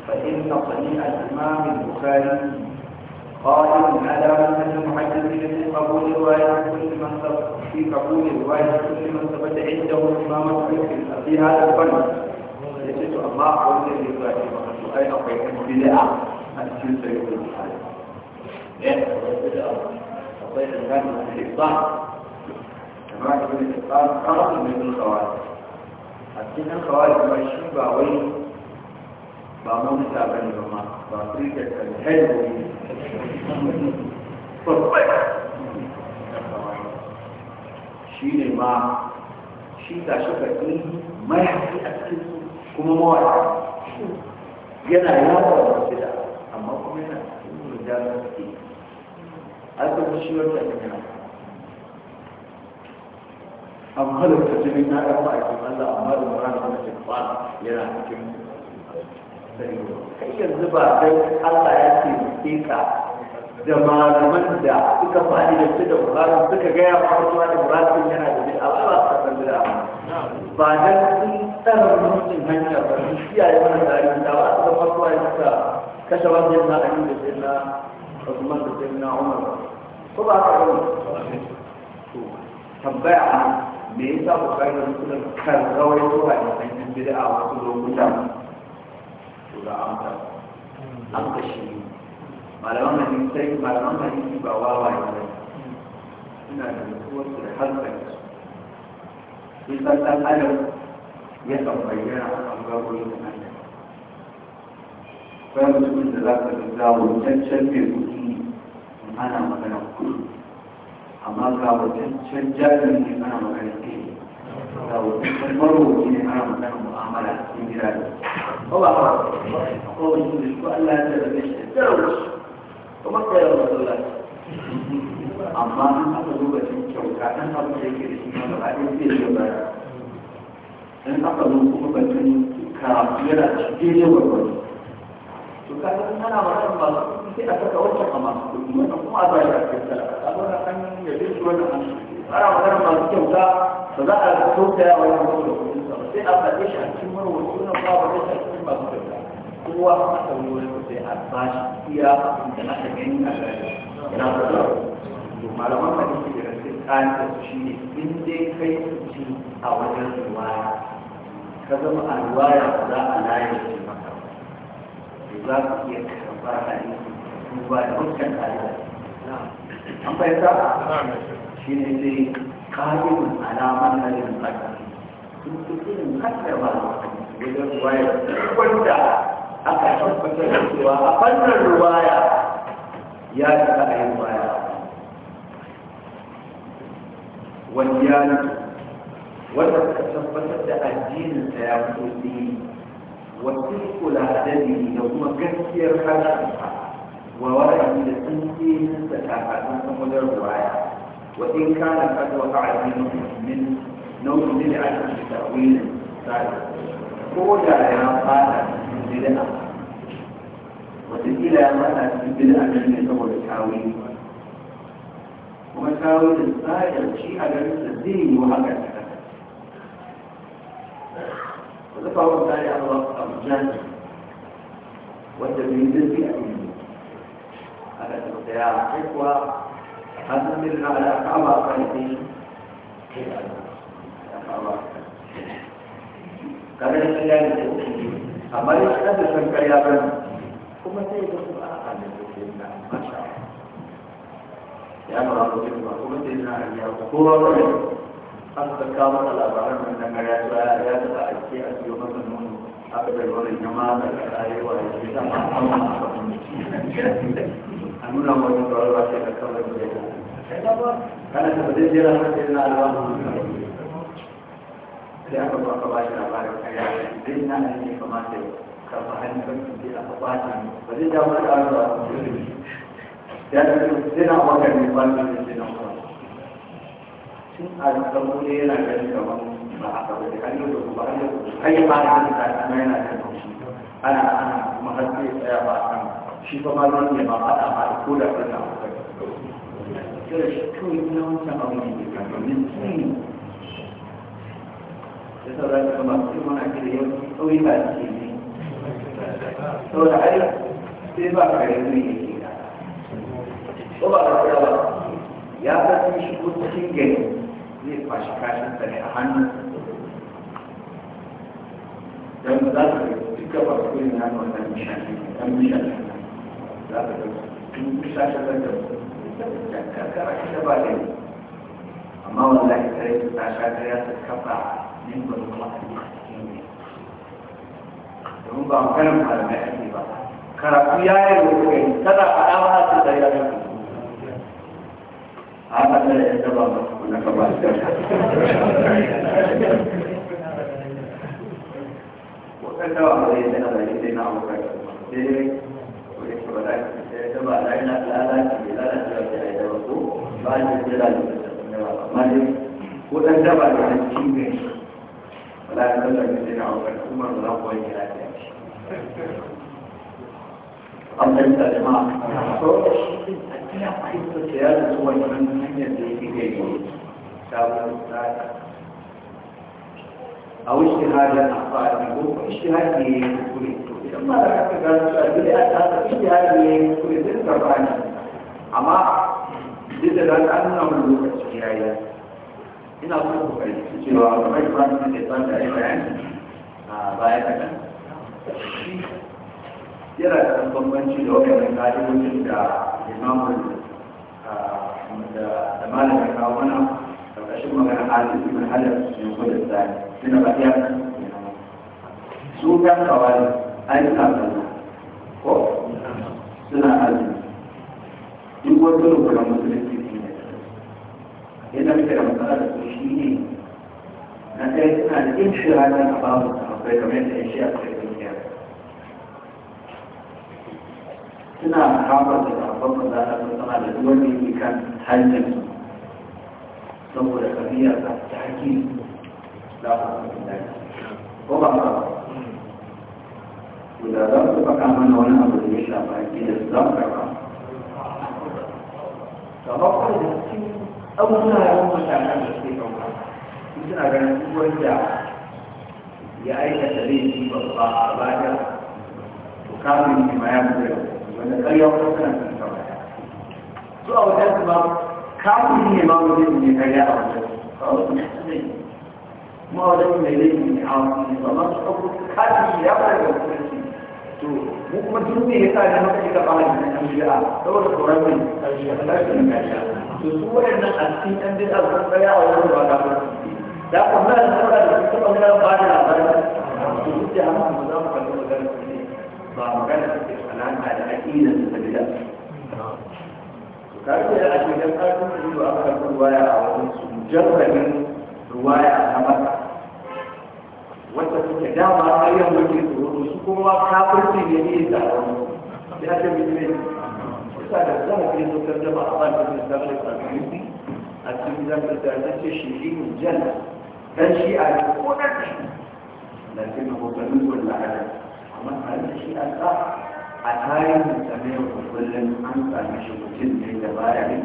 فإن صنيع الإمام البخاري قائم على من المحدثين في قبول رواية كل من في قبول رواية كل من ثبت عنده الإمامة في هذا الفن يجد الله عز وجل وقد أين قيد بدعة أن تنسى يقول الحال. الطريق الغني من الإفضاء جماعة من الإفضاء خرج من الخوارج حتى الخوارج ما يشوف بعوي بعمون تعبان الجماعة بعطيك الهلو شيء ما شيء تشوفه فيه ما يحكي أكثر كم مرة yana yawon da amma kuma yana cikin rijalar da ke ai kuma shi wanda ya gina amma halitta jini na ɗan ma'aikin Allah amma da mara da wani tekwa yana cikin kai yanzu ba kai Allah ya ce ka da malaman da suka faɗi da su da Ibrahim suka gaya ma mutuwa da Ibrahim yana da bid'a ba ba ka san bid'a ba dan sun tsara mutum hanya ba shi ya yi mana tarihi da ba su da fasuwa ya suka kashe wani yanzu a ayyuka da na حكومات سيدنا عمر طبعا عمر tambaya me yasa bukari da mutum kan rawaito a yankin bid'a wasu lokutan to ga amsa an kashi malaman hadisi sai malaman hadisi ba wawaye ba suna da mutuwar da hankali sun san dan adam ya san bayyana a ɓangarorin akwai mutumin da za ka ga wancan mai kuɗi ana magana kuɗi amma ga wancan jarin ne ana magana kuɗi ga wancan maroki ne ana magana mu'amala cikin gida ne ko ba ba ko wani da shi Allah ya tsara shi da wasu kuma kai wa Allah amma an aka duba cikin kyauta dan abu da yake da shi ma ba ɗin zai yi ba dan aka zo kuma batun karatu yana cikin yawan wani kana magana masu kuɗi sai a saka wancan a masu kuɗi wannan kuma a zai rafi talaka a wannan an yabe shi wannan an ana magana masu kyauta ba za a kyautaya wani wasu da kuɗin sa sai a faɗe shi a cikin wani wasu nan ba ba a cikin masu kyauta kowa a sauri wani sai a bashi iya da aka gani a gari yana da to malaman ba ke da rasu tsani da su shi ne in dai kai su ci a wajen ruwaya ka zama a ruwaya ba za a layar da maka za ku iya karɓa hadisi duba da hukkan ka'ida an fahimta shi ne sai ƙa'idun alamar halin ƙasa ba kaddaba wajen ruwaya wanda aka tabbatar da cewa a fannin ruwaya ya taɓa a yi ruwaya wani yanayi wanda suka tabbatar da addininsa ya fito والصدق العددي يوم كثير خلقها وورد من التنسين ستعفاتنا مدر الرواية وإن كان قد وقع منه من نوع بدعة تأويل ثالث قول يا قال من بدعة وتسئل ما من بدعة من نوع التأويل ومساوي السائل شيء على الدين وهكذا wani bawon tare a ba abu jani yi zirfi a yi a ga tabbata ya haikuwa an san mil na ala kama a kan yi kai da ala kama kada da shi ya yi yi amma ya shi da san karya ban kuma sai ya su a a da su yi masha ya mara mutum ba kuma sai na ya kowa wani aka kawo masa labaran nan na kare ya ya taɓa ake a siyo masa a aka bai wani jama'a da karewa ya ce ta ma an ma aka kuma a nuna wani tsoron ba sai ka kawai da ya kana ta bazai jera na sai na alwa sai aka ba ka ba shi labarin kare zai na ne kamata karfa hannun kan aka ba shi ba zai dawo da ƙarfa ya ce zai na wakar ne ba zai na wakar tun a yana ganin kamar ba haka ba da kuma ba yana da kuma ba ma ruwan ne ba faɗa ba da koda ɗan na da shi kawai na wancan abu ne da kamannin tsini da sauran da masu yi mana kira yau tsauri ba da ke ne saboda ai sai ba ka yi ne yake da ko ba ka ba ya kasance shi ko cikin gani zai kwashi kashin sa ne a hannun don za ka ga duk da ba su yin hannu wannan mishashi ɗan mishashi za ka ga duk mishashi da da karkara ita ba da amma wallahi kare su ta sha kare su kafa yin ba su kuma a cikin ne domin ba maganin malamai ake ba karatu ya yi wa kai tana faɗa ba a cikin da ya haka da ya taba masu an fahimta jama'a so da shi a kira fahimta ya da zuwa wannan hanyar da yake da yi sabon tsada a wuce hada a fadi ko wuce hada ne ya kure to idan ma da aka gano su a gida a tsada wuce hada ne ya kure zai gaba ne amma duk da za ka nuna mun lokaci ya yi ina kuma kokari cewa kamar ba ni da tsada ya bayani a baya kaɗan yana da ɗan bambanci da waɗannan ƙa'idojin da limamun da malamin kawo mana ƙarƙashin magana halin ibn halar ne ko da tsari suna ba iya su ɗan kawai an yi kafin ko suna azumi duk wani rukunan musulunci ne yadda muke da matsala da su shi ne na ɗaya suna da yin shiranin a babu kamar yadda ya shi a cikin suna haɓar da kafin maza da suna da duwan da yake kan hanyar su saboda kariya ta ta haƙi za a haɗa da ko ba ba ku da za su faɗa mana wani abu da ya shafa haƙi da su za su karɓa gaba kawai da cikin abubuwa yawan matakan da suke ɗauka suna ganin duwan da ya aikata laifi babba a baya to kamun ma ya mutu wanda ƙarya wata suna cikin sauran su a wajen su ba kafin ne ma wajen ne ƙarya a wajen ba wasu ne su zai kuma wajen su mai laifin ne a wasu ne ba ma su ɗauko kafin ya fara da hukunci to mu kuma duk ne ya sa ne maka ita fara da ɗan shi'a saboda tsoron mai ƙarshe a ƙarshen ƙarshe to su waɗannan a cikin ɗan bid'a sun ƙarya a wajen ba ta da kuma da kuma da kuma da ba da labarin to duk da haka ba za mu kalli magana ba magana ce alaka da aƙidar da bida kaga da ake dan karfin su da aka karɓi ruwaya a wajen su jarrabin ruwaya na maka wanda suke dama har yau muke tsoro su kuma kafirci ne ne da wani ya ce mutane kusa da zama ke so kan jama a ban da su da su kafirci a cikin zan da ta ce shi shi ne jan dan shi a ko da shi lakin hoton mun wallahi amma an shi an ka a tarihin samiyar kullum an sami shi mutum ne da baya ne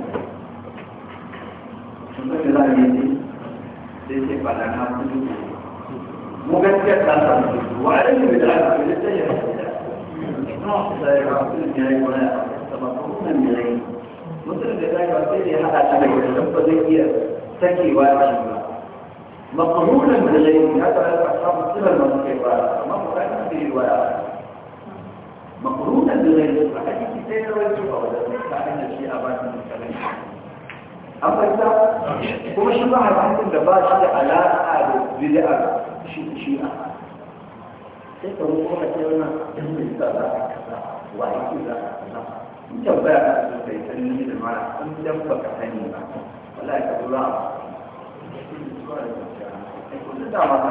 sun zai za a yi ne sai ce ba da na su ne mu gaskiya ta samu su wa a yi da aka fi ta yi na kusa ya ba su ne ya yi wani a sama kuma ne ya yi mutum da zai ba sai ne ya haɗa ta da wani ba zai iya sakewa da shi ba مقرونا بالغيب هذا اصحاب السنن والكفار فما مقارنه به ولا مقرونا بغير ذكر حديث سيدنا وجهه فأنا في أبات المسلمين أما إذا كما شبه الحديث اللي باشي على أهل بدأ شيء a. sai ka rufe wata ce wani ɗan za a kasa wa yake za a kasa Mun tambaya ka su kai san ni da mara in dan ba ka sani ba wallahi ka zo za a ba da dama ka